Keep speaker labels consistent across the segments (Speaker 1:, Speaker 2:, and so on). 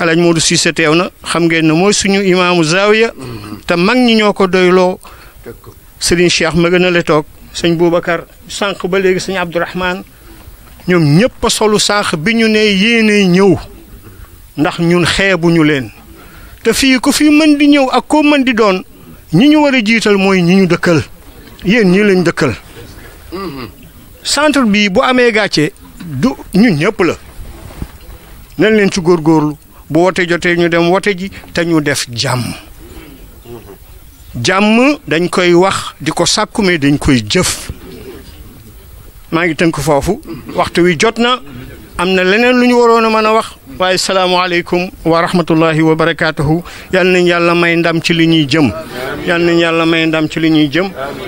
Speaker 1: alaaj Modou Cissé teew na xam ngeen ne mooy suñu imaamu zaawiya te mag ñi ñoo ko doyloo Serigne Cheikh ma gën a la toog sëñ Boubacar sànq ba léegi sëñ Abdourahman ñoom ñëpp a solu sànq bi ñu nee yéene ñëw ndax ñun xeebuñu leen te fii ko fii mën di ñëw ak koo mën di doon ñi ñu war a jiital mooy ñi ñu dëkkal yéen ñii lañ dëkkal centre bii bu amee gàcce du ñun ñëpp la nañ leen ci góorgóorlu bu wote jotee ñu dem wote ji te ñu def jàmm jàmm dañ koy wax di ko sàkku dañ koy jëf maa ngi tënk foofu waxtu wi jot na am na leneen lu ñu waroon a mën a wax waaye salaamaaleykum wa rahmatullahi wa barakaatuhu yal nañ yàlla may ndam ci li ñuy jëm yal nañ yàlla may ndam ci li ñuy jëm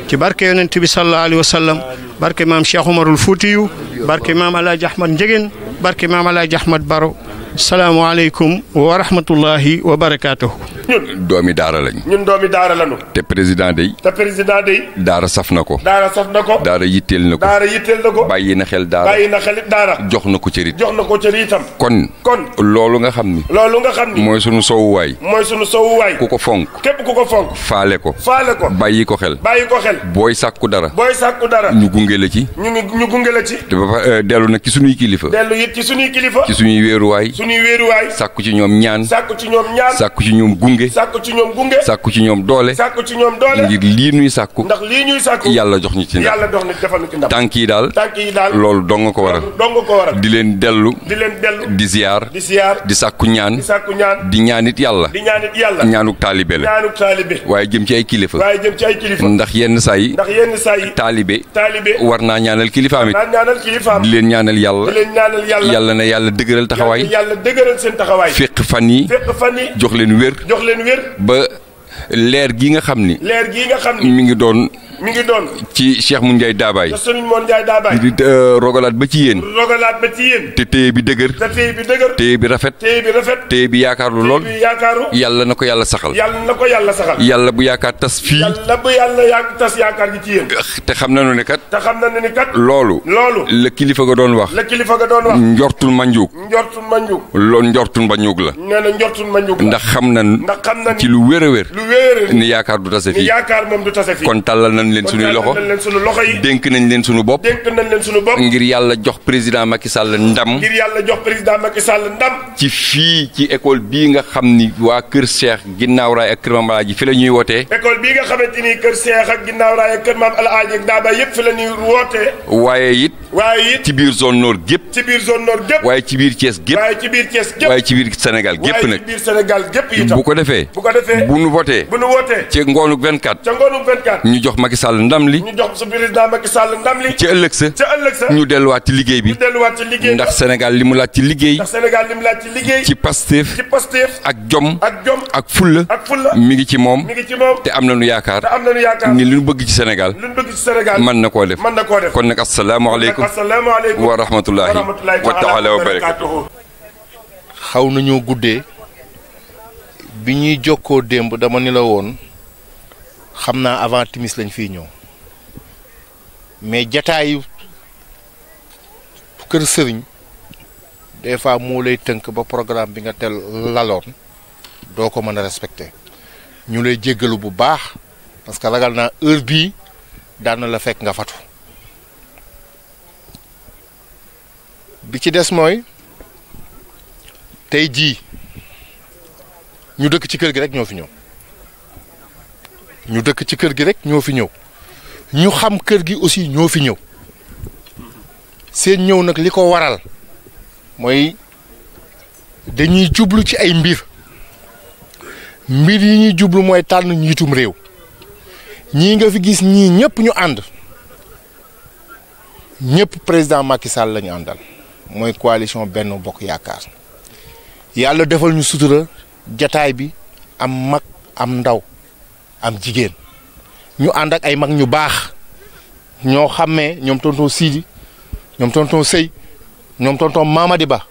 Speaker 1: ci barke yonent bi sallallahu alayhi wa sallam barke maam Cheikh Umarul Fuutiyu barke maam El Hadj Ahmad Njegéen barke maam El Hadj Baro salaamaaleykum wa rahmatullahi wa barakaatuhu. ñun doomi daara lañu.
Speaker 2: ñun doomi daara lañu.
Speaker 1: te président day.
Speaker 2: te président day.
Speaker 1: daara saf na ko. daara saf na ko. daara
Speaker 2: yitteel na ko. daara yitteel na ko. bàyyi na xel daara na xel daara. jox na ko cërit. jox
Speaker 3: na ko cërit itam.
Speaker 2: kon. kon loolu nga xam ni. loolu nga xam ni. mooy sunu waay
Speaker 3: mooy sunu waay ku ko fonk. képp
Speaker 2: ku ko fonk. faale ko. faale ko bàyyi ko xel. bàyyi ko xel. booy sàkku dara. booy sàkku dara. ñu gunge la ci.
Speaker 3: ñu ñu gunge la ci.
Speaker 2: te ba eh, dellu nag ci sunuy kilifa. dellu
Speaker 3: it ci sunuy kilifa. ci sunuy
Speaker 2: weeruwaay suñuy
Speaker 3: wéeruwaay sàkku
Speaker 2: ci ñoom ñaan sàkku ci
Speaker 3: ñoom ñaan sàkku
Speaker 2: ci ñoom gunge sàkku ci
Speaker 3: ñoom gunge sàkku
Speaker 2: ci ñoom doole sàkku ci
Speaker 3: ñoom doole ngir
Speaker 2: lii nuy sàkku ndax
Speaker 3: yàlla jox ñu ci ndam yàlla jox ñu tànk yi daal tànk yi daal loolu
Speaker 2: dong ko waral dong ko waral di leen dellu di leen dellu di ziyaar di di sàkku ñaan di sàkku ñaan di ñaanit yàlla di ñaanit ñaanuk taalibe la waaye jëm ci ay kilifa waaye jëm ci ndax yenn saa yi ndax taalibe war naa ñaanal kilifaam it di leen ñaanal yàlla yàlla na yàlla dëgëral taxawaay
Speaker 3: yàlla seen taxawaay.
Speaker 2: féq fan yi féq fan yi jox leen wér. jox leen wér. ba leer gi nga xam ni. leer gi nga xam ni mi ngi doon. mi ngi doon. ci Cheikh Moune Ndiaye Daabaay. te Serigne
Speaker 3: Moune Ndiaye Daabaay.
Speaker 2: Euh, rogalaat ba ci yéen.
Speaker 3: rogalaat ba ci yéen.
Speaker 2: te téye bi dëgër. te téye bi dëgër. bi rafet. téye bi yaakaar téye lool. téye yàlla na ko yàlla saxal. yàlla na ko yàlla saxal. yàlla bu yaakaar tas fii. yàlla
Speaker 3: yàlla ya yaakaar gi ci yéen.
Speaker 2: te xam nañu ne kat.
Speaker 3: te xam nañu ne kat. loolu. loolu
Speaker 2: la kilifa ga doon wax. la
Speaker 3: kilifa ga doon wax.
Speaker 2: njortul manjuug.
Speaker 3: njortul manjuug.
Speaker 2: loolu njortul manjuug la.
Speaker 3: nee na njortul manjuug la. ndax
Speaker 2: xam na ndax xam na ci lu wér a wér. lu wér a wér. ni yaakaar du tase fii. ni
Speaker 3: yaakaar moom du tase fii. kon
Speaker 2: tàllal nañ nañ leen suñuy loxo nañ leen suñu loxo yi dénk nañ leen suñu bopp dénk
Speaker 3: nañ leen suñu bopp
Speaker 2: ngir yàlla jox président Macky Sall ndam ngir
Speaker 3: yàlla jox président
Speaker 2: ci fii ci école bii nga xam ni waa Kër Cheikh ginnaaw raay ak Kër Maam Alaaji fi la ñuy wootee
Speaker 3: école bii nga xamante ni Kër Cheikh ak ginnaaw raay ak Kër Maam Alaaji ak Daaba yëpp fi la ñuy wootee
Speaker 2: waaye it waaye it ci biir zone nord gépp ci biir zone waaye ci biir Thiès gépp waaye ci
Speaker 3: biir Thiès gépp waaye
Speaker 2: ci biir Sénégal gépp nag bu ko defee bu nu wootee ci ngoonu 24 jox Macky Sall ndam li. ñu
Speaker 3: jox sa président Macky Sall ndam
Speaker 2: li. ci ëllëg sa. ñu delluwaat ci liggéey bi. ñu delluwaat
Speaker 3: ci liggéey ndax Sénégal
Speaker 2: li mu laaj ci liggéey. ndax
Speaker 3: Sénégal li ci liggéey. ci
Speaker 2: Pastef. ci Pastef ak jom. ak jom ak fulla. ak mi ngi ci moom. te am nañu yaakaar. te am nañu yaakaar ni li ñu bëgg ci Sénégal. li
Speaker 3: ñu bëgg ci Sénégal mën na koo def. na koo def kon nag asalaamaaleykum. asalaamaaleykum wa rahmatulahi wa taala wa barakatuh.
Speaker 4: xaw nañoo guddee bi ñuy jokkoo démb dama ni la woon xam naa avant timis lañ fiy ñëw mais jataayu kër sëriñ des fois moo lay tënk ba programme bi nga te laloon doo ko mën a respecté ñu lay jéggalu bu baax parce que ragal naa heure bii daan na la fekk nga fatu bi ci des mooy tey jii ñu dëkk ci kër gi rek ñoo fi ñëw. ñu dëkk ci kër gi rek ñoo fi ñëw ñu xam kër gi aussi ñoo fi ñëw seen ñëw nag li ko waral mooy dañuy jublu ci ay mbir mbir yi ñuy jublu mooy tànn njiitum réew ñii nga fi gis ñii ñëpp ñu ànd ñëpp président Macky Sall àndal mooy coalition benn Bokk Yaakaar yàlla defal ñu sutura jataay bi am mag am ndaw am jigéen ñu ànd ak ay mag ñu baax ñoo xàmmee nyu tonton Sidi nyu tonton Sey ñoom tonton Mamadi Ba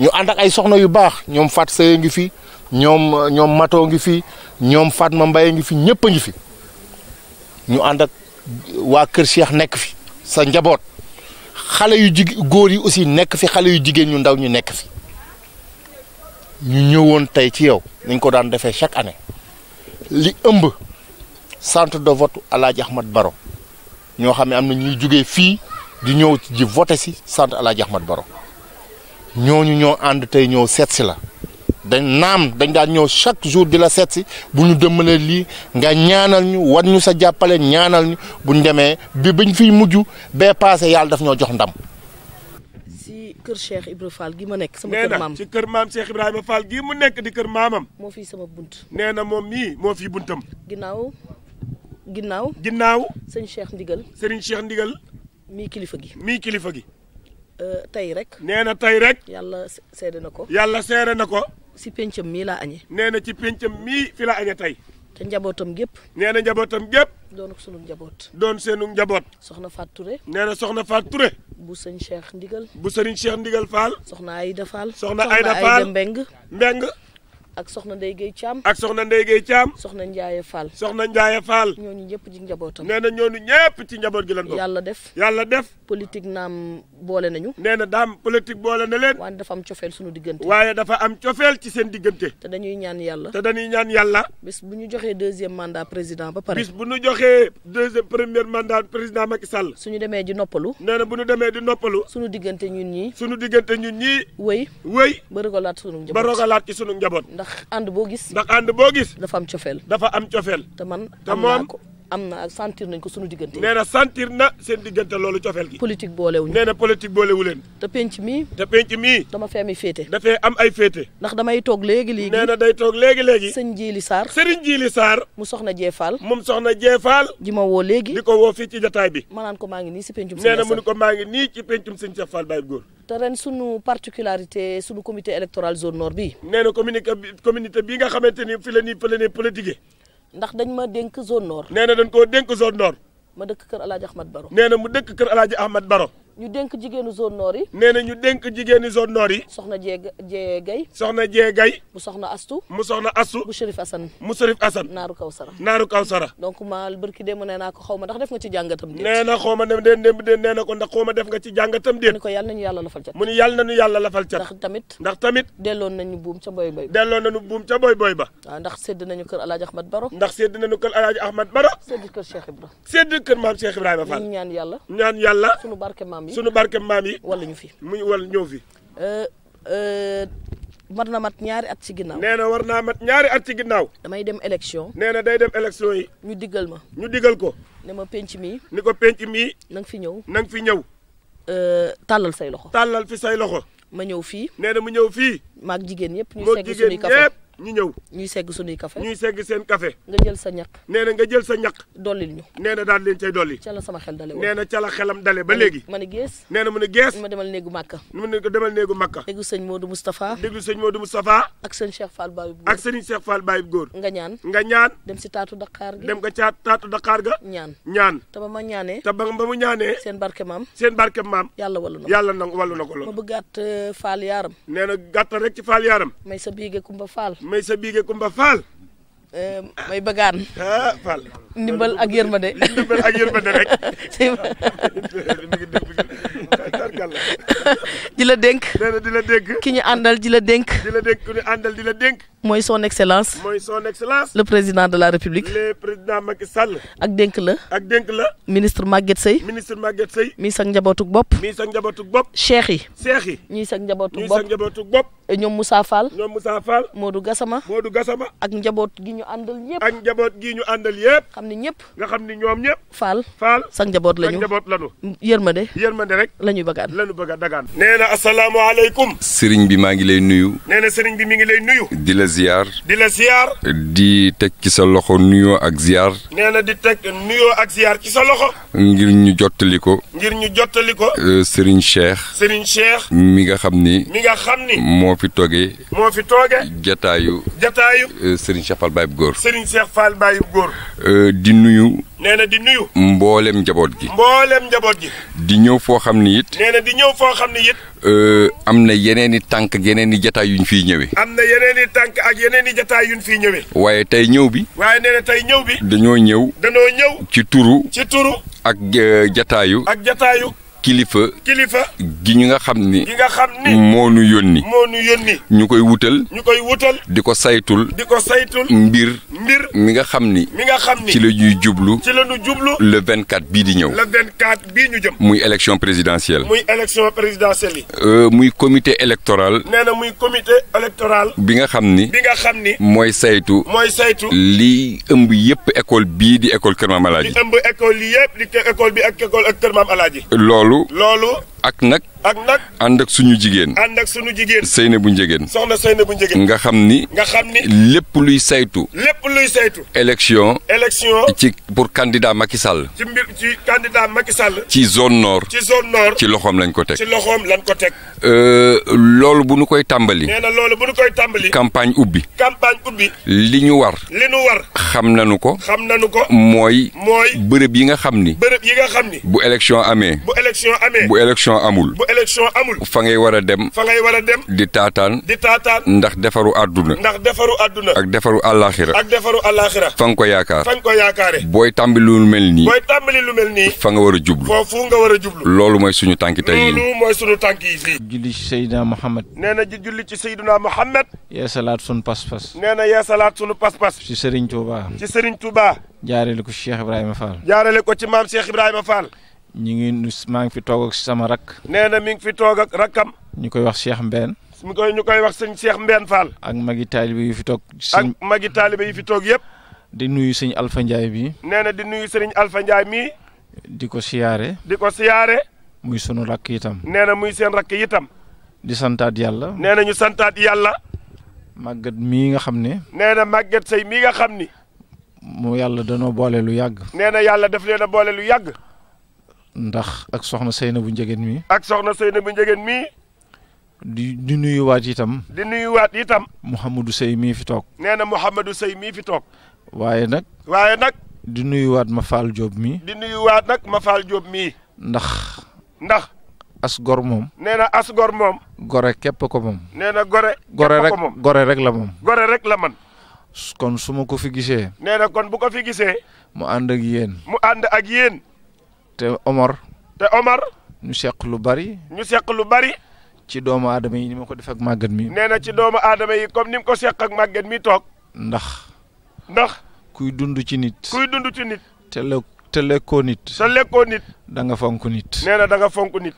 Speaker 4: ñu ànd ak ay soxna yu bah, nyu Fat Seye ngi fi nyu ñoom Mato ngi fi ñoom Fatma Mbaye ngi fi ñëpp a ngi fi ñu ànd ak waa Kër Cheikh nekk fi sa njaboot xale yu jig góor yi aussi nekk fi yu jigéen ñu ndaw ñu nekk fi ñu ñëwoon tey ci yow niñ ko daan chaque année. li ëmb centre de vote Alaaji Ahmad Baro ñoo xam ne am na ñuy jugee fii di ñëw ji voté si centre Alaaji Ahmad Baro ñooñu ñoo ànd tey ñëw seet si la dañ naam dañ daan ñëw chaque jour di la seet bu ñu dëmmalee lii nga ñaanal ñu wan ñu sa jàppale ñaanal ñu bu ñu demee bi bañ fiy mujj bee paase yàlla daf ñoo jox ndam
Speaker 5: kër Cheikh Ibrahima Fall gi ma nekk. sama kër maam
Speaker 3: nee na ci kër maam Cheikh Ibrahima Fall gii mu nekk di kër maamam. moo fi sama bunt. nee moom mii moo fi buntam.
Speaker 5: ginnaaw ginnaaw. ginnaaw. sëñ Cheikh Ndigal. sëriñ Cheikh Ndigal. mii kilifa gi. mii kilifa gi. Euh, tey rek. nee na tey rek. yàlla seede na
Speaker 3: ko. yàlla seede na ko. si pencam mii laa añee. nee na ci pencam mii fi la añee tey. te njabootam gépp nee na njabootam gépp doon sunu njaboot doon seenu njaboot soxna Fatou Touré nee na soxna Fatou Touré
Speaker 5: bu sëñ Cheikh Ndigal
Speaker 3: bu sëriñ Cheikh Ndigal Fall soxna Aïda Fall soxna Aïda Fall Mbeng Mbeng ak soxna Ndeye Gueye Thiam ak soxna Ndeye Gueye Thiam soxna Ndiaye
Speaker 5: Fall soxna Ndiaye Fall ñooñu ñëpp ci njabootam nee na ñooñu ñëpp ci njaboot gi lan bokk yàlla def yàlla def politique naam boole nañu. nee na daam politique boole na leen. waaye dafa am cofeel sunu diggante. waaye dafa am cofeel ci seen diggante. te dañuy ñaan yàlla. te dañuy ñaan yàlla. bis bu ñu joxee
Speaker 3: deuxième mandat président ba pare. bis bu ñu joxee deuxième premier mandat président Macky Sall. suñu demee di noppalu. nee na bu ñu demee di noppalu. sunu diggante ñun ñii. sunu diggante ñun ñii. wëy. wëy ba rogalaat sunu
Speaker 5: njaboot ba rogalaat ci sunu njaboot. ndax ànd boo gis. ndax ànd boo gis. dafa am cofeel. dafa am cofeel. te man. ko am na sentir nañ ko sunu diggante. nee na
Speaker 3: na seen diggante loolu
Speaker 5: cofeel gi. politique boolewuñu. nee na politique boolewu leen. te penc mii. te penc mii. dama fee am féete. dafee am ay féete. ndax damay toog léegi léegi. nee na day toog léegi léegi. sëñ Jiili Sarr. sëriñ Jiili Sarr. mu soxna Jeefaal. moom soxna Jeefaal. ji ma woo léegi. di ko woo fii ci jotaay bi. ma naan ko maa ngi nii si pencum. nee na mu ni ko
Speaker 3: maa ngi nii ci
Speaker 5: sunu particularité sunu comité
Speaker 3: électoral zone nord bi. nee na communiqué communauté bi nga xamante ni fi la nii ndax dañ ma dénk zone nord. nee na dañ koo dénk zone nord.
Speaker 5: ma dëkk kër El Hadj Ahmed Baro.
Speaker 3: nee na mu dëkk kër El Hadj Ahmed Baro. ñu dénk jigéenu zone nord yi. nee na ñu dénk jigéenu zone nord yi. soxna Jé Jé Gaye. soxna Jé Gaye. mu soxna Astu. mu soxna Astu. mu Chérif Assane. mu Chérif Assane. Naaru Kawsara.
Speaker 5: Naaru Kawsara. donc ma barki démb nee naa ko xaw ma ndax def nga ci jàngatam xaw ma dem déet
Speaker 3: déet nee na ko ndax xaw ma nga ci jàngatam déet. mu ni ko yàlla nañu yàlla lafal cat. mu ni yàlla nañu yàlla lafal cat. ndax tamit. ndax na delloon nañu buum ca boy boy. delloon nañu buum ca boy boy ba. waaw ndax sédd nañu kër Alaaji Ahmad Baro. ndax sédd nañu kër Alaaji Ahmad Baro. sédd kër Cheikh Ibrahima. sédd kër maam Cheikh Ibrahima Fall. ñaan yàlla ñaan yàlla. suñu yi sunu barke maam yi. wala ñu fi muy wala ñëw fi. war euh, euh, na mat ñaari at ci ginnaaw. nee war naa mat ñaari at ci ginnaaw. damay dem élection. nee na day dem élection yi. ñu diggal ma. ñu diggal ko. ne ma penc mii. ni ko penc mi na nga fi ñëw na nga fi ñëw. Euh, tàllal say loxo. tàllal fi say loxo. ma ñëw fii. nee na mu ñëw fii. maa jigéen ñëpp ñu segg suñuy café ñu ñëw. ñuy segg suñuy café ñuy segg seen kafe nga jël sa ñaq. nee na nga jël sa ñaq. dollil ñu. nee na daal leen cay dolli. ca la sama xel dale nee na ca la xelam dale ba léegi. ma ne gees nee na mu ne gees. ma demal néegu Makka. mu ne ko demal néegu Makka. déglu sëñ Modou Moustapha. déglu sëñ Modou Moustapha. nga ñaan nga ñaan. dem si
Speaker 5: taatu Dakar ga. dem
Speaker 3: nga caat taatu Dakar ga. ñaan ñaan. te ma ñaanee. te ba ba mu ñaane seen barke maam. seen barke maam. yàlla wallu na yàlla na walla na ko lool. ma bëggaat euh, faal yaaram. nee na gàttal
Speaker 5: rek ci faal yaaram. may sa biige kumba faal may sa biige Kumba Fall. Eh, may bëggaan. ah Fall. ndimbal ak yërmande. ndimbal ak yërmande rek. di la dénk. nee di la dénk. ki ñu àndal di la dénk.
Speaker 3: di la dénk ku ñu àndal di la dénk.
Speaker 5: mooy son excellence. mooy
Speaker 3: son excellence. le président de la république. le président Macky Sall. ak dénk la. ak dénk la.
Speaker 5: ministre Maguette Seye.
Speaker 3: ministre Maguette Seye.
Speaker 5: mii sax njabootug bopp. mii sax njabootug bopp. cheikh yi. cheikh yi. ñii sax njabootug bopp ñii sax njabootug bopp. E ñoom Moussa Fall. ñoom Moussa Fall. Modou Gassama. Modou Gassama. ak njaboot gi ñu àndal yëpp. ak njaboot gi ñu àndal yëpp. xam ne ñëpp. nga xam ni ñoom ñëpp. Fall. Fall sax njaboot lañu. sax njaboot lañu.
Speaker 3: yërmande. yërmande rek. lañu bëgg a daga Mbargane nee na asalaamaaleykum
Speaker 2: sëriñ bi maa ngi lay nuyu
Speaker 3: nee na sëriñ bi mu ngi lay nuyu
Speaker 2: di la ziyaar di la ziyaar di teg ci sa loxo nuyoo ak ziyaar
Speaker 3: nee na di teg nuyoo ak ziyaar ci sa loxo
Speaker 2: ngir ñu jottali ko
Speaker 3: ngir ñu jottali ko
Speaker 2: euh, sëriñ Cheikh
Speaker 3: sëriñ Cheikh
Speaker 2: mi nga xam ni mi nga xam ni moo fi toogee
Speaker 3: moo fi toogee
Speaker 2: jataayu jataayu euh, sëriñ Cheikh Fall Baye Góor
Speaker 3: sëriñ Cheikh Fall Baye
Speaker 2: Góor euh, di nuyu
Speaker 3: nee na di nuyu.
Speaker 2: mboolem njaboot gi.
Speaker 3: mboolem njaboot gi.
Speaker 2: di ñëw foo xam ni it.
Speaker 3: nee di ñëw foo xam ni it.
Speaker 2: Euh, am na yeneen i tànk ak yeneen i jataay yu ñu fiy ñëwee.
Speaker 3: am na yeneen tànk ak yeneen i jataay yu fiy ñëwee.
Speaker 2: waaye tey ñëw bi.
Speaker 3: waaye nee na tey ñëw bi.
Speaker 2: dañoo ñëw. dañoo ñëw. ci turu. ci turu. ak euh, jataayu. ak jataayu. kilifa. kilifa gi ñu nga xam ni.
Speaker 3: gi
Speaker 2: nu yónni.
Speaker 3: moo nu yónni.
Speaker 2: ñu wutal. ñu wutal. di saytul. di saytul. mbir. mbir mi nga xam ni. mi nga xam ni ci la ñuy jublu. ci la
Speaker 3: ñu jublu. le
Speaker 2: 24 bi di ñëw.
Speaker 3: le 24 bi ñu jëm.
Speaker 2: muy élection présidentielle.
Speaker 3: muy élection présidentielle
Speaker 2: euh muy comité électoral.
Speaker 3: néna muy comité électoral.
Speaker 2: bi nga xam ni. bi nga xam ni. mooy saytu. mooy saytu. li ëmb yëpp école bi di école Kër Maam Alaaji. li
Speaker 3: ëmb école yépp li école bi ak école ak Kër Maam Alaaji. loolu. loolu.
Speaker 2: ak nag. ak nag ànd ak suñu jigéen. ànd
Speaker 3: ak suñu jigéen.
Speaker 2: Seyna bu Njegéen. soxna
Speaker 3: Seyna bu Njegéen. nga
Speaker 2: xam ni. nga xam ni lépp luy saytu.
Speaker 3: lépp luy saytu. élection. élection
Speaker 2: ci pour candidat Macky Sall.
Speaker 3: ci mbir ci candidat Macky Sall.
Speaker 2: ci zone nord. ci zone nord. ci loxoom lañ ko teg. ci loxoom lañ ko teg. Euh, loolu bu nu koy tàmbali. nee
Speaker 3: na loolu bu nu tàmbali.
Speaker 2: campagne ubbi. campagne ubbi. li ñu war. li ñu war. xam nañu ko. xam nañu ko. mooy. mooy bërëb yi nga xam ni. bërëb yi nga xam ni. bu élection amee. bu
Speaker 3: élection amee. bu
Speaker 2: élection élection amul. bu
Speaker 3: élection amul.
Speaker 2: fa ngay war a dem. fa ngay a dem. di ndax defaru àdduna. ndax ak defaru àllaaxira. ak
Speaker 3: defaru àllaaxira. fa nga ko yaakaar.
Speaker 2: booy tàmbali lu mel nii. booy
Speaker 3: tàmbali lu mel
Speaker 2: nii. fa nga war a jublu.
Speaker 3: foofu nga war a jublu.
Speaker 2: loolu mooy suñu tànki tey yi.
Speaker 3: mooy suñu tànki yi fii. julli ci Seydina Mohamed. nee na ji julli ci Seydina Mohamed.
Speaker 4: yeesalaat sunu pas-pas.
Speaker 3: nee na yeesalaat sunu pas-pas.
Speaker 4: ci Serigne Touba.
Speaker 3: ci Serigne Touba.
Speaker 4: jaarale ko Cheikh Ibrahima Fall.
Speaker 3: jaarale ko ci maam Cheikh Ibrahima Fall.
Speaker 4: ñu ngi maa ngi fi toog ak sama rak.
Speaker 3: nee na mi ngi fi toog ak rakam.
Speaker 4: ñu koy wax Cheikh Mbène.
Speaker 3: mi koy ñu koy wax sëñ Cheikh Mbène Fall. ak magi taalibe yi fi toog. ak magi taalibe yi fi toog yëpp. di nuyu
Speaker 1: sëñ Alpha Ndiaye
Speaker 3: nee na di nuyu sëriñ Alpha mii.
Speaker 1: di ko siyaare. di ko muy sunu rakk itam.
Speaker 3: nee na muy seen rakk itam.
Speaker 1: di santaat yàlla.
Speaker 3: nee na ñu santaat yàlla.
Speaker 4: màggat mii nga xam ne.
Speaker 3: nee na màggat say mii nga xam ni.
Speaker 4: mu yàlla danoo boole lu yàgg.
Speaker 3: nee na yàlla daf leen a boole lu yàgg.
Speaker 4: ndax ak soxna Seyna bu njegen mi.
Speaker 3: ak soxna Seyna bu njegen mi.
Speaker 4: di di wat itam.
Speaker 3: di wat itam. Mouhamadou Sey mi fi tok neena mafal job Sey mi fi tok waye nak waye nak di wat ma faal job mi di wat nak ma faal job mi ndax. ndax.
Speaker 4: as gor mom
Speaker 3: neena as gor mom
Speaker 4: gore kep ko mom
Speaker 3: neena gore. gore rek
Speaker 4: gore rek la mom
Speaker 3: gore rek la man.
Speaker 4: kon suma ko fi gisee.
Speaker 3: neena kon bu ko fi gisee.
Speaker 4: mu and ak yeen
Speaker 3: mu and ak yeen
Speaker 4: te Omar.
Speaker 3: te Omar. ñu seq lu bari. ñu seq lu bari. ci doomu aadama yi ni ma ko def ak màggat mi. nee na ci doomu aadama yi comme ni mu ko seq ak màggat mi toog. ndax. ndax. kuy dund ci nit. kuy dund ci nit. te lekkoo nit. sa lekkoo nit. danga fonk nit. nee na da nga fonk nit.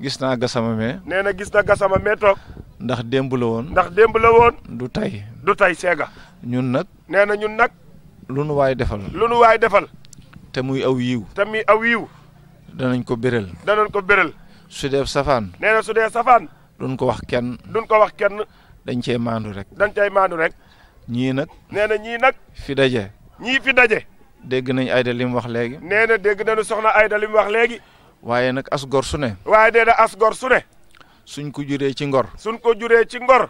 Speaker 3: gis naa gasama mee. nee na gis na gasama mee toog. ndax démb la woon. ndax démb la woon. du tey. du tey seega. ñun nag. nee na ñun nag. lu nu waay defal. lu nu waay defal. te muy aw yiw. te aw yiw. danañ ko béral. danañ ko béral. su dee safaan. nee na su dee safaan. duñ ko wax kenn. duñ ko wax kenn. dañ cee maandu rek. dañ cey maandu rek. ñii nag. nee na ñii nag. fi daje. ñii fi daje. dégg nañ Ayda li mu wax léegi. nee na dégg nañu soxna Ayda li wax léegi. waaye nag as gor su ne. waaye nee na as gor su ne. suñ ko juree ci ngor. suñ ko juree ci ngor.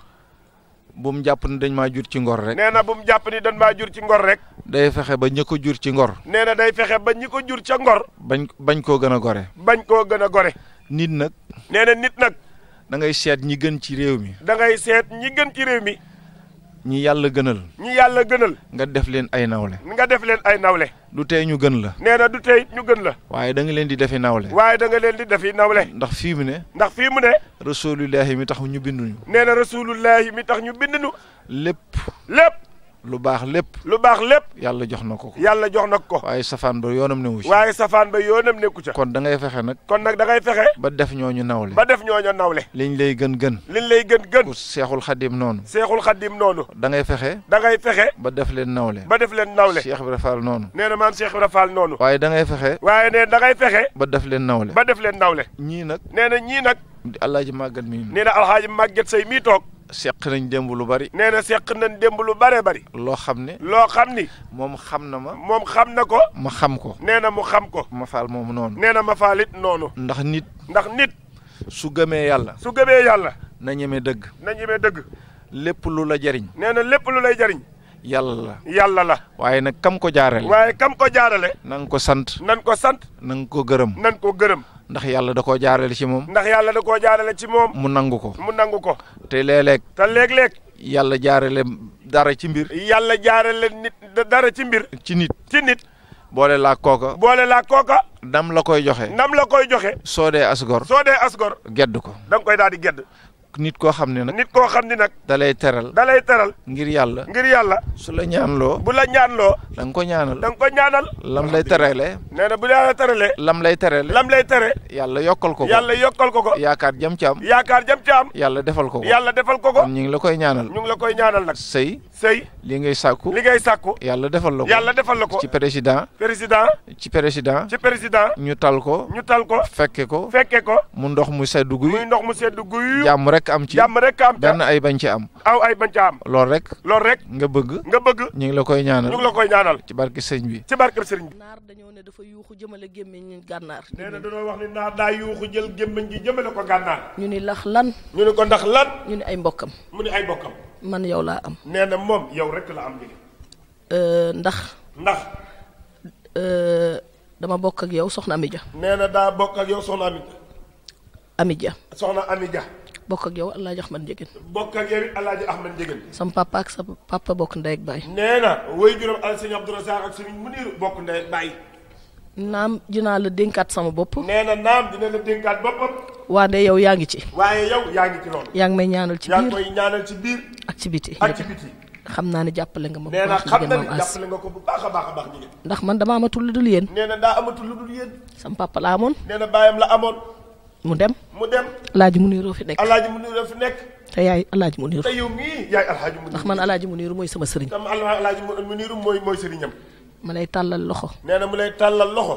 Speaker 4: bu mu jàpp ni dañ maa jur ci ngor rek.
Speaker 3: nee na bu mu jàpp ni dañ maa jur ci ngor rek.
Speaker 4: day fexe ba ñi ko jur ci ngor.
Speaker 3: nee na day fexe ba ñi ko jur ca ngor.
Speaker 4: bañ bañ koo gën a gore.
Speaker 3: bañ koo gën a gore. nit nag. nee na nit nag. da ngay seet ñi gën ci réew mi. da ngay seet ñi gën ci réew mi. ñi yàlla gënal. ñi yàlla gënal. nga def leen ay nawle. nga def leen ay nawle. du tey ñu gën la. nee na du tey ñu gën la. waaye da nga leen di defi nawle. waaye danga leen di defi nawle. ndax fii mu ne. ndax fii mu ne. rasulullahi mi tax ñu binduñu. nee na rasulullahi mi tax ñu binduñu. lépp. lépp. lu baax lépp lu baax lépp yàlla jox na ko ko yàlla jox na ko
Speaker 4: waaye safaan ba yoonam newu ci waaye
Speaker 3: safaan ba yoonam nekku ca kon da ngay fexe nag kon nag dangay fexe
Speaker 4: ba def ñooñu nawle ba
Speaker 3: def ñooñu nawle
Speaker 4: liñ lay gën gën liñ lay gën gën ku seexul xadim noonu
Speaker 3: seexul xadim noonu
Speaker 4: da ngay fexe da ngay fexe ba def leen nawle ba
Speaker 3: def leen nawle Cheikh
Speaker 4: bi Fall noonu
Speaker 3: nee na maam Cheikh Ibra Fall noonu
Speaker 4: waaye dangay ngay fexe
Speaker 3: waaye nee dangay ngay fexe
Speaker 4: ba def leen nawle
Speaker 3: ba def leen nawle ñii nag nee na ñii nag alaaji màggat mi nee na alaaji màggat say mii toog seq nañ démb lu bari. nee na seq nañ démb lu bare bari. loo xam ne. loo xam ni. moom xam na ma. moom xam na ko.
Speaker 1: ma xam ko.
Speaker 3: nee na mu xam ko. ma moom moomu noonu. nee na ma faal noonu. ndax nit. ndax nit. su gëmee yàlla. su gëmee yàlla. na ñeme dëgg. na ñeme dëgg. lépp lu la jariñ. nee na lépp lu lay jariñ. yàlla la yàlla la. waaye nag kam ko jaarale. waaye kam ko jaarale. nanga ko sant. nan ko sant. na nga ko gërëm. nan ko gërëm. ndax yàlla da koo jaarale ci moom. ndax yàlla da koo jaarale ci moom. mu nangu ko mu nangu ko. te léeg-léeg. te léeg-léeg. yàlla jaarale dara ci mbir. yàlla jaarale nit dara ci mbir. ci nit ci nit. boole laa kooka. boole laa kooka. ndam la koy joxe. ndam la koy joxe. soo dee soo dee asgor. gedd ko. da nga koy daal gedd. nit koo xam ne nag. nit koo xam ne nag. da lay teral. da lay teral. ngir yàlla. ngir yàlla. su la ñaanloo. bu la ñaanloo. da nga ko ñaanal. da ko ñaanal. lam lay terale. nee na bu la terale. lam lay terale. lam lay tere. yàlla yokkal ko ko. yàlla yokkal ko ko. yaakaar jam ci am. yaakaar jëm ci am. yàlla defal ko ko. yàlla defal ko ko. ñu ngi la koy ñaanal. ñu ngi la koy ñaanal nag. sëy. sëy. li ngay sàkku. li ngay sàkku. yàlla defal la ko. defal la ko. ci président. président. ci président. ci président. ñu tal ko. ñu tal ko. fekke ko. fekke ko. mu ndox mu seddu guy. muy ndox rek rek ci jàmm rek am benn ay bañ am aw ay bañ ci am lool rek lool rek nga bëgg nga bëgg ñu ngi la koy ñaanal ñu koy ñaanal ci barke
Speaker 5: sëñ bi ci barke sëriñ bi naar
Speaker 3: dañoo ne dafa yuuxu jëmale gémmiñ ñi gànnaar nee na dañoo wax ni naar daa yuuxu jël gémmiñ gi jëmale ko gànnaar
Speaker 5: ñu ni lax lan ñu ni ko ndax lan ñu ni ay mbokkam
Speaker 3: mu ni ay mbokkam
Speaker 5: man yow laa am
Speaker 3: nee na moom yow rek la am léegi
Speaker 5: euh, ndax ndax euh, dama bokk ak yow soxna Amidia
Speaker 3: nee na daa bokk ak yow soxna Amidia Amidia soxna
Speaker 5: Amidia bokk ak yow alaaji ahmad njegen
Speaker 3: bokk ak yow alaaji ahmad njegen
Speaker 5: sam papa ak sa papa bokk ndey ak bay
Speaker 3: neena way juram al seigne abdou ak seigne munir bokk ndey ak bay
Speaker 5: nam dina la denkat sama bop Nenah
Speaker 3: nam dina la denkat bopam
Speaker 5: waa yow yaangi ci
Speaker 3: waye yow yaangi ci loolu
Speaker 5: yaang may ñaanal ci bir yaang may ñaanal ci bir ak ci biti ak ci biti xamna ni jappale nga ma ko neena xamna ni
Speaker 3: jappale nga ko bu baax a baax a
Speaker 5: ndax man dama amatul luddul yeen
Speaker 3: neena da amatul
Speaker 5: sam papa la amone
Speaker 3: neena bayam la amone
Speaker 5: mu dem. mu dem alaaji Muniiru fi nekk. alaaji
Speaker 3: Muniiru fi nekk.
Speaker 5: te yaay alaaji Muniiru. te yow
Speaker 3: mii yaay alaaji Muniiru.
Speaker 5: ndax man alaaji Muniiru mooy sama sëriñ.
Speaker 3: tam alaaji Muniiru mooy mooy sëriñam.
Speaker 5: ma lay tàllal loxo.
Speaker 3: nee na mu lay tàllal loxo.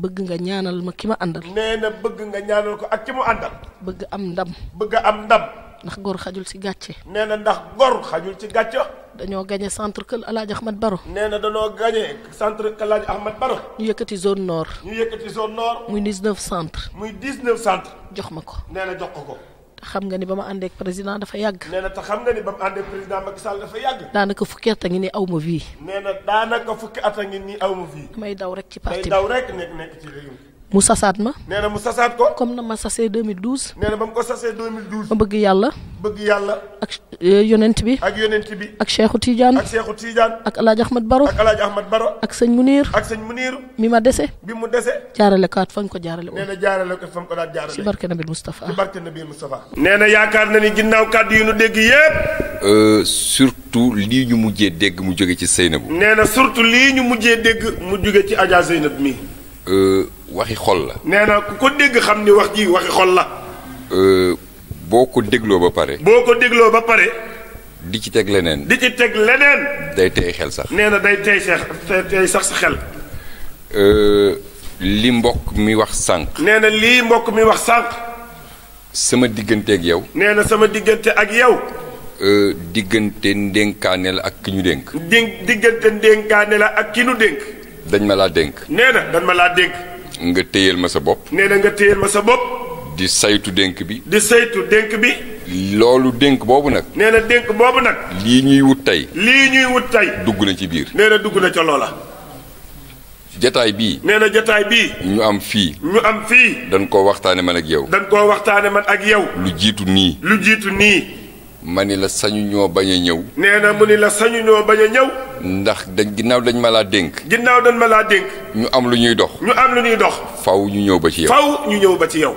Speaker 5: bëgg nga ñaanal ma ki ma àndal. nee na bëgg nga ñaanal ko ak ki mu àndal. bëgg am ndam. bëgg am ndam. ndax góor xajul ci gàcce. nee na ndax góor xajul ci gàcce. dañoo gagné centre Kër El Hadj Ahmed Baro.
Speaker 3: nee na dañoo gagné centre Kër El Hadj Ahmed Baro.
Speaker 5: ñu yëkkati zone nord.
Speaker 3: ñu yëkkati zone nord.
Speaker 5: muy 19 centre. muy 19 centre. jox ma ko.
Speaker 3: nee na jox ko ko.
Speaker 5: te nga ni ba ma àndeek président dafa yàgg.
Speaker 3: na te xam nga ni ba ma àndeek président Macky Sall dafa yàgg.
Speaker 5: daanaka fukki at a ngi nii aw ma fii.
Speaker 3: nee na daanaka fukki at a ngi nii aw ma fii. may daw rek ci parti bi may daw rek nekk nekk ci réew
Speaker 5: mi mu sasaat ma.
Speaker 3: nee mu sasaat ko. comme na ma sasee 2012. nee na ba mu ko sasee 2012.
Speaker 5: ma bëgg yàlla. bëgg yàlla. ak euh, yonent bi. ak yonent bi. ak Cheikhou Tidiane. ak Cheikhou Tidiane. ak El Hadj Ahmed Baro. ak El Hadj Ahmed Baro. ak sëñ Munir. ak sëñ Munir. ma dese. bi mu dese. jaarale kaat fañ ko jaarale. nee na
Speaker 3: jaarale ko fañ ko daan jaarale.
Speaker 5: ci barke Nabi Moustapha. ci
Speaker 3: barke Nabi Moustapha. nee na yaakaar na ni ginnaaw kàddu yu nu dégg yépp.
Speaker 2: Euh, surtout lii ñu mujjee dégg mu jóge ci Seynabou.
Speaker 3: nee na surtout lii ñu mujjee dégg mu jóge ci Adja Zeynab mi.
Speaker 2: Euh, waxi xol la.
Speaker 3: nee ku ko dégg xam ni wax ji waxi xol la.
Speaker 2: boo ko dégloo ba pare. boo ko dégloo ba pare. di ci teg leneen.
Speaker 3: di ci teg leneen.
Speaker 2: day tey xel sax.
Speaker 3: nee na day tey sax tey sax sa xel.
Speaker 2: Euh, li mbokk mi wax sànq.
Speaker 3: nee na lii mbokk mi wax sànq.
Speaker 2: sama diggante ak yow.
Speaker 3: nee na sama diggante ak yow.
Speaker 2: Euh, diggante ndénkaane la ak ki ñu dénk.
Speaker 3: diggante ndénkaane
Speaker 2: la ak ki ñu dénk. dañ ma laa dénk. nee na dañ ma laa dénk. nga téyel ma sa bopp. nee na nga téyel ma sa bopp. di saytu dénk bi. di saytu dénk bi. loolu dénk boobu nag.
Speaker 3: nee na dénk boobu nag.
Speaker 2: lii ñuy wut tey.
Speaker 3: lii ñuy wut tey.
Speaker 2: dugg na ci biir.
Speaker 3: nee na dugg na ca la jataay bii. nee na jataay bii.
Speaker 2: ñu am fii.
Speaker 3: ñu am fii.
Speaker 2: dañ ko waxtaane man ak yow.
Speaker 3: dañ ko waxtaane man ak yow.
Speaker 2: lu jiitu nii. lu jiitu nii. ma ni la sañu ñoo bañ a ñëw. nee na ma ni la sañu ñoo bañ a ñëw. ndax dañ ginnaaw dañ ma laa dénk. ginnaaw dañ ma laa dénk. ñu am lu ñuy dox. ñu am lu ñuy dox. faw ñu ñëw ba ci yaw faw ñu ñëw ba ci yow.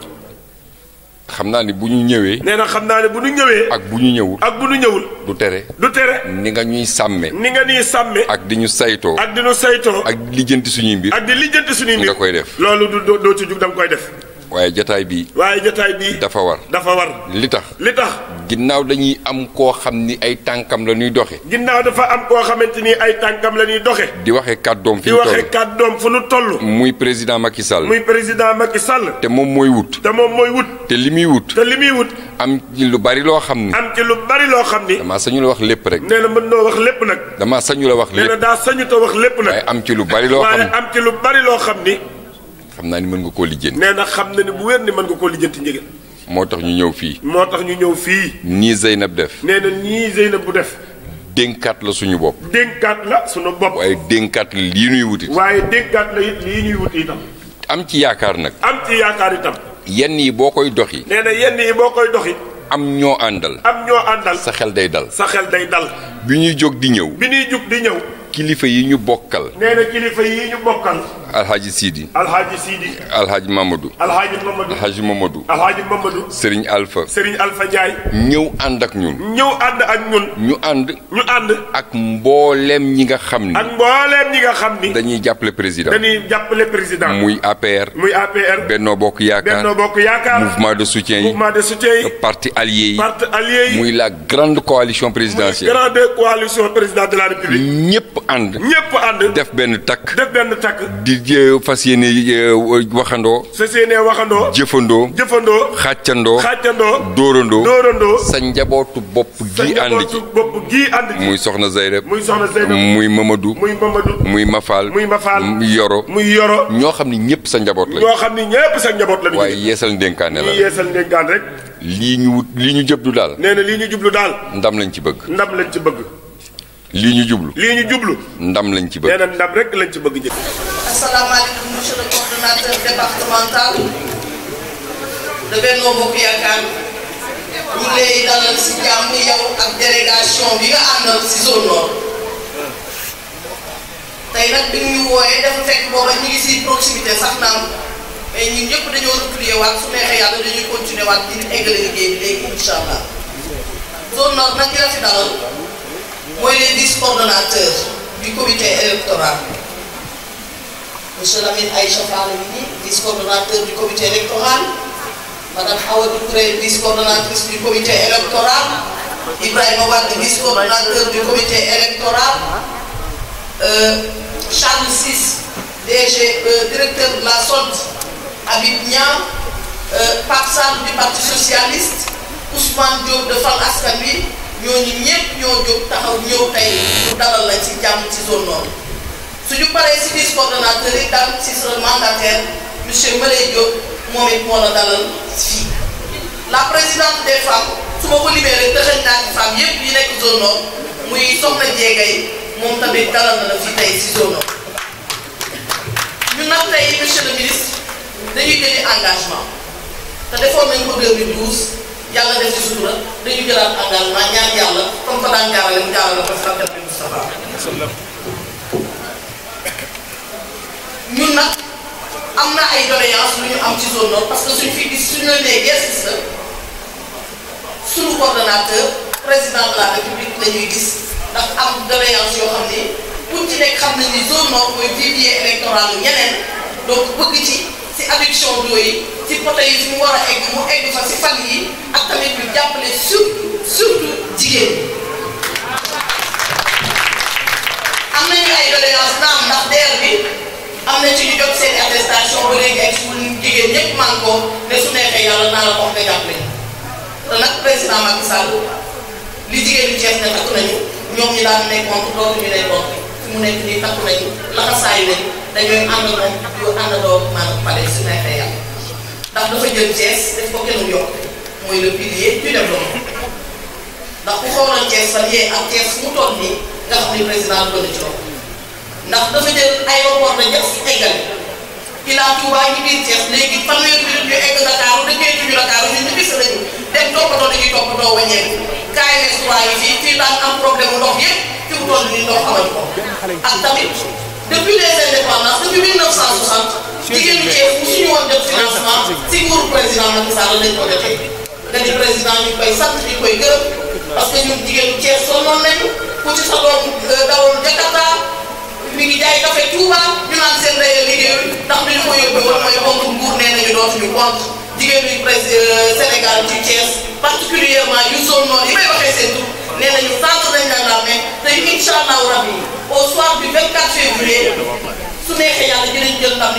Speaker 2: xam naa ni bu ñu ñëwee. nee na xam naa ne bu ñu ñëwee. ak bu ñu ñëwul. ak bu ñu ñëwul. du tere. du tere. ni nga ñuy sàmme. ni nga ñuy sàmme. ak di ñu saytoo. ak di ñu saytoo. ak di lijjanti suñuy mbir. ak di
Speaker 3: lijjanti suñuy nga koy
Speaker 2: def. loolu du doo ci jug da koy def. waaye jataay bii. waaye jataay bii. dafa war. dafa war li tax. li tax. ginnaaw dañuy am koo xam ni ay tànkam la ñuy doxe ginnaaw dafa am
Speaker 3: koo xamante ni ay tànkam la ñuy doxe
Speaker 2: di waxe kàddoom fi di waxe kàddoom fu nu toll muy président Macky Sall muy président Macky Sall te moom mooy wut te moom mooy wut te li muy wut te li muy wut am ci lu bari loo xam ni am ci lu bari loo xam ni damaa sañu wax lépp rek nee na mën noo wax lépp nag dama sañu wax lépp nee na daa sañu lépp nag waaye am ci lu bari loo xam ni lu bari loo xam ni xam naa ni mën nga koo lijjanti nee na
Speaker 3: xam na ni bu wér ni mën koo lijjanti njëgeen
Speaker 2: moo tax ñu ñëw fii.
Speaker 3: moo tax ñu ñëw fii.
Speaker 2: nii Zeynab def. nee na nii Zeynab bu def. dénkaat la suñu bopp. dénkaat la suñu bopp. waaye dénkaat la lii ñuy wuti. waaye dénkaat la itam. am ci yaakaar nag. am ci yaakaar itam. yenn yi boo koy doxi. nee na yenn yi boo koy doxi. am ñoo àndal. am ñoo àndal. sa xel day dal. sa xel day dal. bi ñuy jóg di ñëw. bi ñuy jóg di ñëw. kilifa yi ñu bokkal.
Speaker 3: nee na kilifa yi ñu bokkal.
Speaker 2: alxaaji Sidi.
Speaker 3: alxaaji Sidi.
Speaker 2: alxaaji Mamadou. alxaaji Mamadou. alxaaji Mamadou. alxaaji Mamadou. Serigne Alpha. ñëw ànd ak ñun. ñëw ànd ak ñun. ñu ànd. ak mboolem ñi nga xam ni. ak mboolem dañuy jàppale président. dañuy
Speaker 3: jàppale président.
Speaker 2: muy APR. muy APR. Benno Bokk Yaakaar. Benno Bokk Yaakaar. mouvement de soutien yi. de soutien yi. parti allié muy la grande coalition présidentielle. muy
Speaker 3: grande coalition président de la
Speaker 2: république. ñëpp ànd. ñëpp ànd. def benn takk. Euh, fas yéene euh, waxandoo. fas yéene waxandoo. jëfandoo. jëfandoo. xàccandoo. xàccandoo. dóorandoo. dóorandoo. sa njabootu bopp gii ànd ci. bopp gii ànd muy Soxna Zeynep. muy Soxna muy Mamadou. muy Mamadou. muy Mafal. muy Mafal. muy Yoro. muy Yoro. ñoo xam ni ñëpp sa njaboot lañu. ñoo xam ni sa njaboot lañu. waaye yeesal ndénkaane la ñuy lii ñu lii ñu jublu daal. nee na lii ñu jublu daal. ndam lañ ci bëgg. ndam lañ ci bëgg. lii ñu jublu. lii ndam lañ ci bëgg. nee ndam rek lañ ci bëgg njëkk.
Speaker 5: asalaamaaleykum monsieur le coordonnateur départemental de Benno Bokk Yaakaar ñu ngi dalal si jàmm yow ak délégation bi nga àndal si zone nord tey nag bi ñu wooyee dafa fekk booba ñu ngi si proximité sax naam mais ñun ñëpp dañoo replier waat su neexee yàlla dañuy continuer waat di eggale liggéey bi léegi incha allah zone nord nag ñu la dalal. moi les vice coordonnateur du comité électoral monsieur Lamine Aïcha Fall vice-coordonnateur du comité électoral madame Hawa Dupré vice-coordonnatrice du comité électoral Ibrahim Ouad, vice-coordonnateur du comité électoral euh, Charles Sis, e, directeur de la SOLT à Nia, euh, du parti socialiste Ousmane Diop de Fall Askan ñooñu ñëpp ñoo jóg taxaw ñëw tey lu dalal la ci jàmm ci zone nord suñu paree si biir coordonnateur yi dal ci sa mandataire monsieur Mbale Diop moom it moo la dalal fii la présidente des femmes su ma ko libéré tëxëñ naa ci femmes yi nekk zone nord muy soxna Jéegay moom tamit dalal na la fii tey si zone nord ñu nag tey monsieur le ministre dañuy jëli engagement te defoon nañ ko 2012. yàlla a ci sutura dañu jëlaat engagement ñaan yàlla comme que daan jaarale mu jaarale ko Xaadimu Mustafaa ñun nag am na ay doléance lu ñu am ci zone parce que suñu fi gis suñu la nee gis la suñu coordonnateur président de la république la ñuy gis ndax am doléance yoo xam ne pour ci nekk ni zone nord mooy vivier électoral ñeneen donc bëgg ci si adduction d'eau ci poto yi fi mu war a egg mu egg fa si fan yi ak tamit ñu jàppale surtout surtout jigéen am nañu ay doléance naam ndax DER bi am na ci ñu jot seen attestation ba léegi man ko ne su neexee yàlla naa la ko nga jàppale te nag président Macky Sall li jigéen ñi Cees ne takku nañu ñoom ñu daan nekkoon dootu ñu lay bokk fi mu nekk nii takku nañu laxasaayu nañu dañooy àndandoo yu àndandoo maanaam pare su neexee yàlla. ndax dafa jël Thiès def ko kenn yokk mooy le pilier du développement ndax ku xooloon Thiès fan yee ak Thiès mu toll nii nga xam ni président du ci loolu ndax dafa jël aéroport la Thiès eggal ci biir Thiès léegi fanweeri minute ñu egg Dakar dëkkee tuñu Dakar ñun ñu gis nañu dem toppatoo dañuy toppatoo wàññeeku yi fii fii daan am problème ndox yëpp fi mu toll nii ndox amatu ko ak tamit depuis les indépendances depuis 1960. jigéenu Thiès bu suñu woon jot financement si nguuru président Macky Sall lañ ko defee dañu président ñu koy sant ñu koy gërëm parce que ñun jigéenu Thiès sonnoon nañu ku ci sa doom euh, dawoon Jakarta mi ngi jaay café Touba ñu naan seen réew liggéeyul ndax bi ñu ko yóbbu woon mooy compte nguur nee nañu dootuñu compte jigéenu président euh, Sénégal ci Thiès particulièrement yu zone nord yi may waxee seen tur nee nañu sant nañ la daal mais tey incha allahu rabi au soir du 24 février su neexee yàlla dinañ jël ndam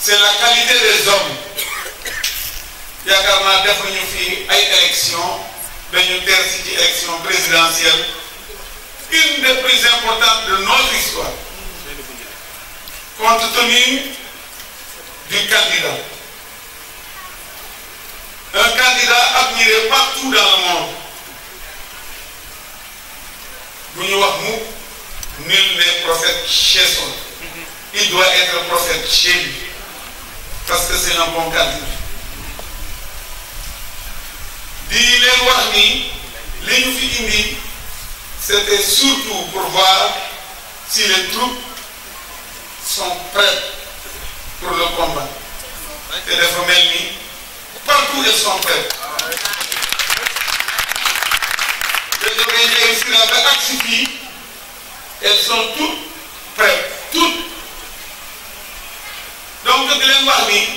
Speaker 6: c'est la qualité des hommes il y a quand même ay élections élection, une si ci élection présidentielle une des plus importantes de notre histoire compte tenu du candidat un candidat admiré partout dans le monde nous nul n'est prophète chez soi, il doit être prophète chez lui c'est un bon cadre. les les c'était surtout pour voir si les troupes sont prêtes pour le combat Et les femelles partout elles sont prêtes les la elles sont toutes prêtes toutes donc di leen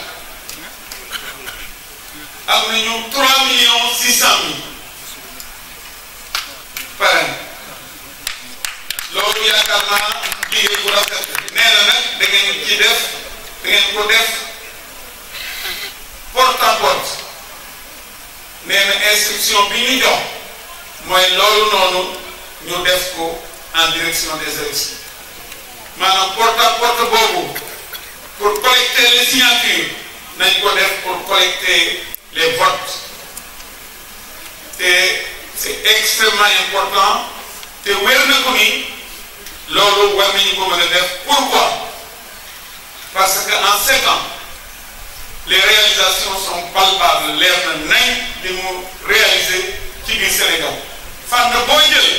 Speaker 6: am nañu trois millions six pare loolu yaakaar naa liggéey bu rafet nee na nag da ngeen ci def da ngeen def porte à porte bi ñu jox mooy loolu noonu ñu def ko en direction des services maanaam boobu pour collecter les signatures nañ ko def pour collecter. les votes. et c'est extrêmement important te wér na ko ni loolu war nañu ko def pourquoi parce que en 5 ans les réalisations sont palpables leer na nañ réalisés qui réaliser ci biir Sénégal fànn boo jël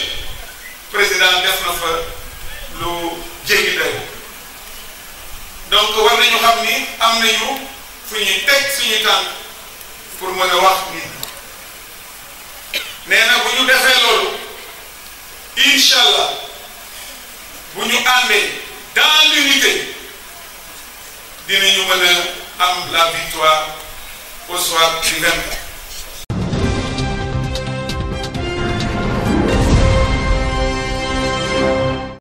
Speaker 6: président def na fa lu jéggi dayo donc war nañu xam ni am nañu fu ñuy teg tànk pour mën a wax nit nee na bu ñu defee loolu incha allah bu ñu amee dans l'unité dinañu mën a am la victoire au soir du 24